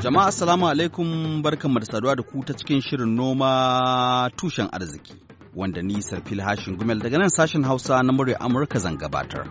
Jama'a assalamu alaikum barkanmu da saduwa da ku ta cikin shirin noma tushen arziki wanda ni Sarfil Hashin Gumel daga nan sashen Hausa na murya Amurka zan gabatar.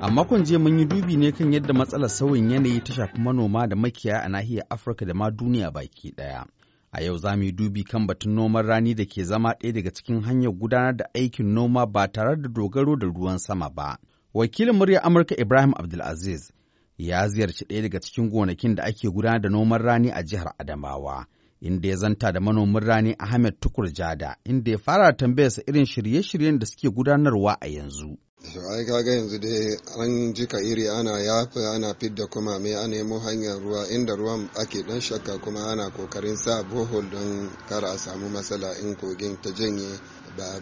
A makon jiya mun yi dubi ne kan yadda matsalar sauyin yanayi ta shafi manoma da makiyaya a nahiyar Afirka da ma duniya baki ɗaya. A yau za mu yi dubi kan batun noman rani da ke zama ɗaya daga cikin hanyar gudanar da aikin noma ba tare da dogaro da ruwan sama ba, Wakilin murya Amurka Ibrahim Abdulaziz ya ziyarci ɗaya daga cikin gonakin da ake gudanar da noman rani a jihar Adamawa, inda ya zanta da manomin rani Ahmed Tukur Jada, inda ya fara tambayarsa irin shirye-shiryen da suke gudanarwa a yanzu. ai kaga yanzu dai an jika iri ana yafi ana fidda kuma mai a nemo hanyar ruwa inda ruwan ake dan shakka kuma ana kokarin sa bohol don kara a samu matsala in kogin ta janye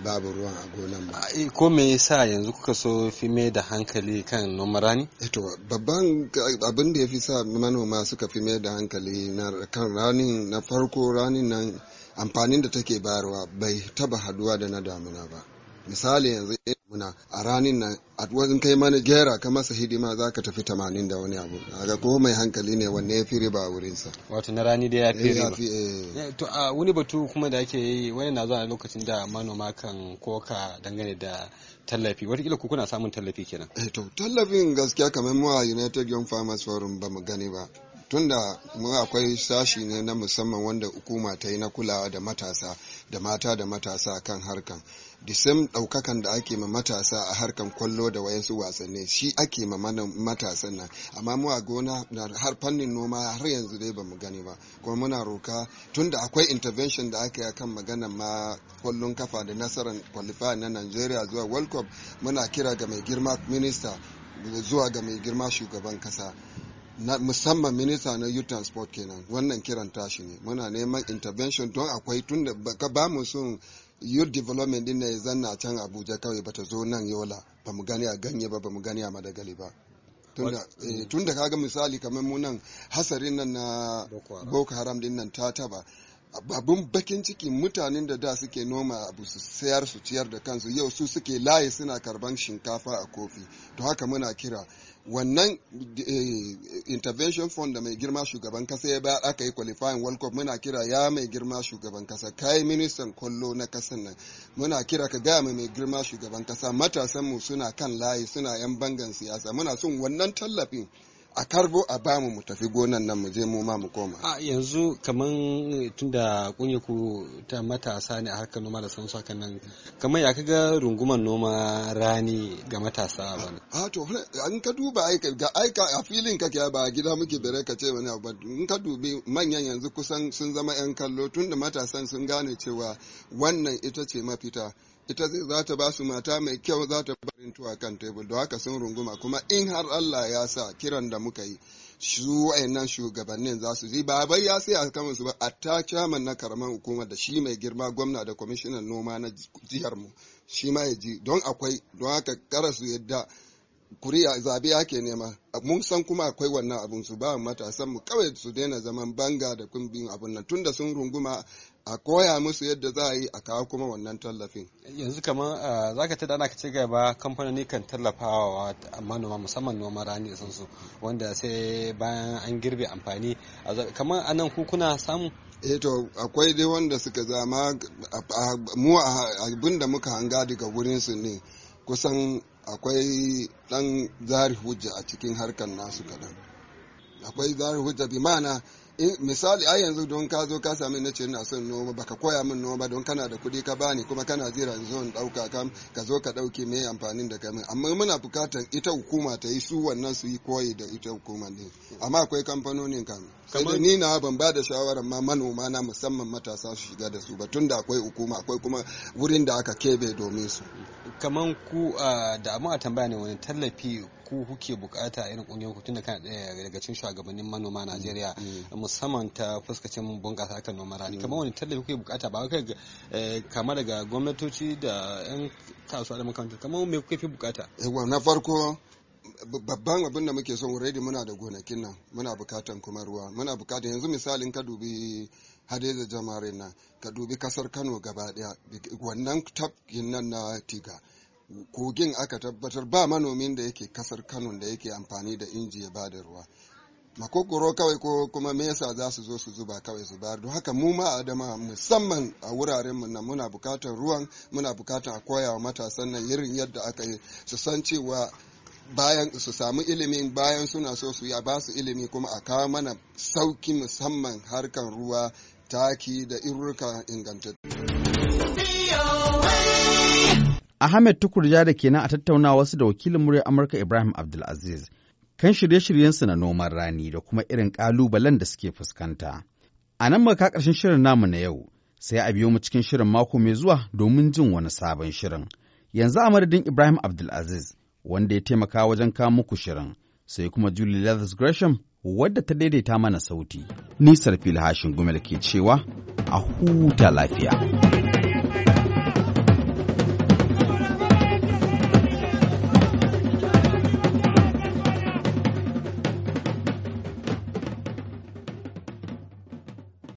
babu ruwan a gonan ba. Ko me yasa yanzu kuka so fi mai da hankali kan noman rani? Eh, to babban abin da ya fi sa manoma suka fi mai da hankali na kan ranin na farko ranin nan amfanin da take bayarwa bai taba haduwa da na damuna ba. Misali yanzu muna a ranin nan a wajen kai mana gera ka masa hidima za ka tafi tamanin da wani abu ga ko mai hankali ne wanne ya fi riba a wurinsa wato na rani da ya fi eh, riba eh. Eh, to a wani batu kuma da ake yi wani na zuwa lokacin da manoma kan koka dangane da tallafi watakila ku kuna samun tallafi kenan to tallafin gaskiya kamar mu a united young farmers forum ba mu gani ba tunda mu akwai sashi ne na musamman wanda hukuma ta yi na kulawa da matasa da mata da matasa kan harkan the same daukakan da ake ma matasa a harkan kwallo da wayansu wasanni shi ake ma matasan nan amma mu a gona na har fannin noma har yanzu dai bamu gani ba kuma muna roka tunda akwai intervention da aka yi kan maganar ma kwallon kafa da nasarar qualifier na Nigeria zuwa World Cup muna kira ga mai girma minista zuwa ga mai girma shugaban kasa na musamman minista na youth transport kenan wannan kiran tashi ne muna neman intervention don akwai tun da ba mu son youth development din na zanna can abuja kawai bata zo nan yola ba mu gani a ganye ba ba mu gani a madagali ba tun da eh, kaga misali kamar mu nan hasarin nan na boko haram din nan ta taba abin bakin ciki mutanen da da suke noma abu su sayar su ciyar da kansu yau su suke layi suna karban shinkafa a kofi to haka muna kira wannan eh, intervention fund da mai girma shugaban kasa ya bayar aka yi qualifying world cup muna kira ya mai girma shugaban kasa kai ministan kwallo na kasan nan muna kira ka gaya mai girma shugaban kasa mu suna kan layi suna yan bangan siyasa muna son wannan tallafin a karbo a bamu mu tafi gonan nan mu je mu ma mu koma a yanzu kaman eh, tunda kunya ku ta matasa ne a harkar noma da sansu kan nan kaman ya kaga runguman noma rani ga matasa ba a to an ka duba aika aika a filin kake ba a gida muke bere ka ce wani abu in ka dubi manyan yanzu kusan sun zama yan kallo tunda matasan sun gane cewa wannan ita ce mafita ita za ta ba su mata mai kyau za ta barin tuwa kan tebul da haka sun runguma kuma in har Allah ya sa kiran da muka yi su wayannan shugabannin za su ji ba bai ya sai a kama su ba a ta chairman na karaman hukuma da shi mai girma gwamna da kwamishinan noma na jihar mu shi ma ya ji don akwai don haka kara su yadda kuri'a zabe ake nema mun san kuma akwai wannan abun su ba matasan mu kawai su daina zaman banga da kumbin abun nan tunda sun runguma a koya musu yadda za a yi a kawo kuma wannan tallafin yanzu kamar za ka ta dana ka ci gaba kamfanoni kan tallafawa manoma musamman noma rani da sansu wanda sai bayan an girbe amfani kamar nan kuna samu eto eh akwai dai wanda suka zama mu abinda muka hanga daga wurin su ne kusan akwai ɗan zari hujja a cikin harkar nasu kaɗan akwai zari hujja bi ma'ana Eh, misali ai yanzu don ka zo ka sami na ce ina son noma baka koya min noma don kana da kuɗi ka bani kuma kana zira in zo in ɗauka kam ka zo ka ɗauke me amfanin da kamin amma muna buƙatar ita hukuma ta yi su wannan su yi koyi da ita hukuma ne amma akwai kamfanonin kam sai da ni na ban ba da shawarar ma manoma na musamman matasa su shiga da su ba tun da akwai hukuma akwai kuma wurin da aka kebe domin su kaman ku ah, da amma a tambaya ne wani tallafi ku kuke bukata a irin kungiyar ku tunda kana daya daga cikin shugabannin manoma a mm, Najeriya mm. musamman ta fuskacin bunƙasa harkar noman rani mm. kamar wani tallafi kuke bukata ba kai eh, kama daga gwamnatoci da yan kasuwa da makarantu kamar me kuke fi bukata na farko babban abin da muke son already muna da gonakin nan muna bukatan kuma ruwa muna bukatan yanzu misalin ka dubi hadeza jamare nan ka dubi kasar kano gaba daya wannan tafkin nan na tiga kogin aka tabbatar ba manomin da yake kasar kano da yake amfani da inji ya bada ruwa makokoro kawai ko kuma mesa za su zo su zuba kawai su bayar don haka mu ma adama musamman a wuraren mu na muna bukatar ruwan muna bukatar a koya wa matasan nan irin yadda aka yi su san cewa bayan su samu ilimi bayan suna so su ya ba su ilimi kuma a kawo mana sauki musamman harkan ruwa taki da irurka ingantattu Ahmed Tukurja da kenan a tattaunawa wasu da wakilin muryar Amurka Ibrahim Abdulaziz kan shirye-shiryensu na noman rani da kuma irin ƙalubalen da suke fuskanta. A nan ka ƙarshen shirin namu na yau, sai a biyo mu cikin shirin mako mai zuwa domin jin wani sabon shirin. Yanzu a madadin Ibrahim Abdulaziz, wanda ya taimaka wajen kawo muku shirin, sai kuma Julie Leathers Gresham, wadda ta daidaita mana sauti. Nisar filhashin gumel ke cewa a huta lafiya.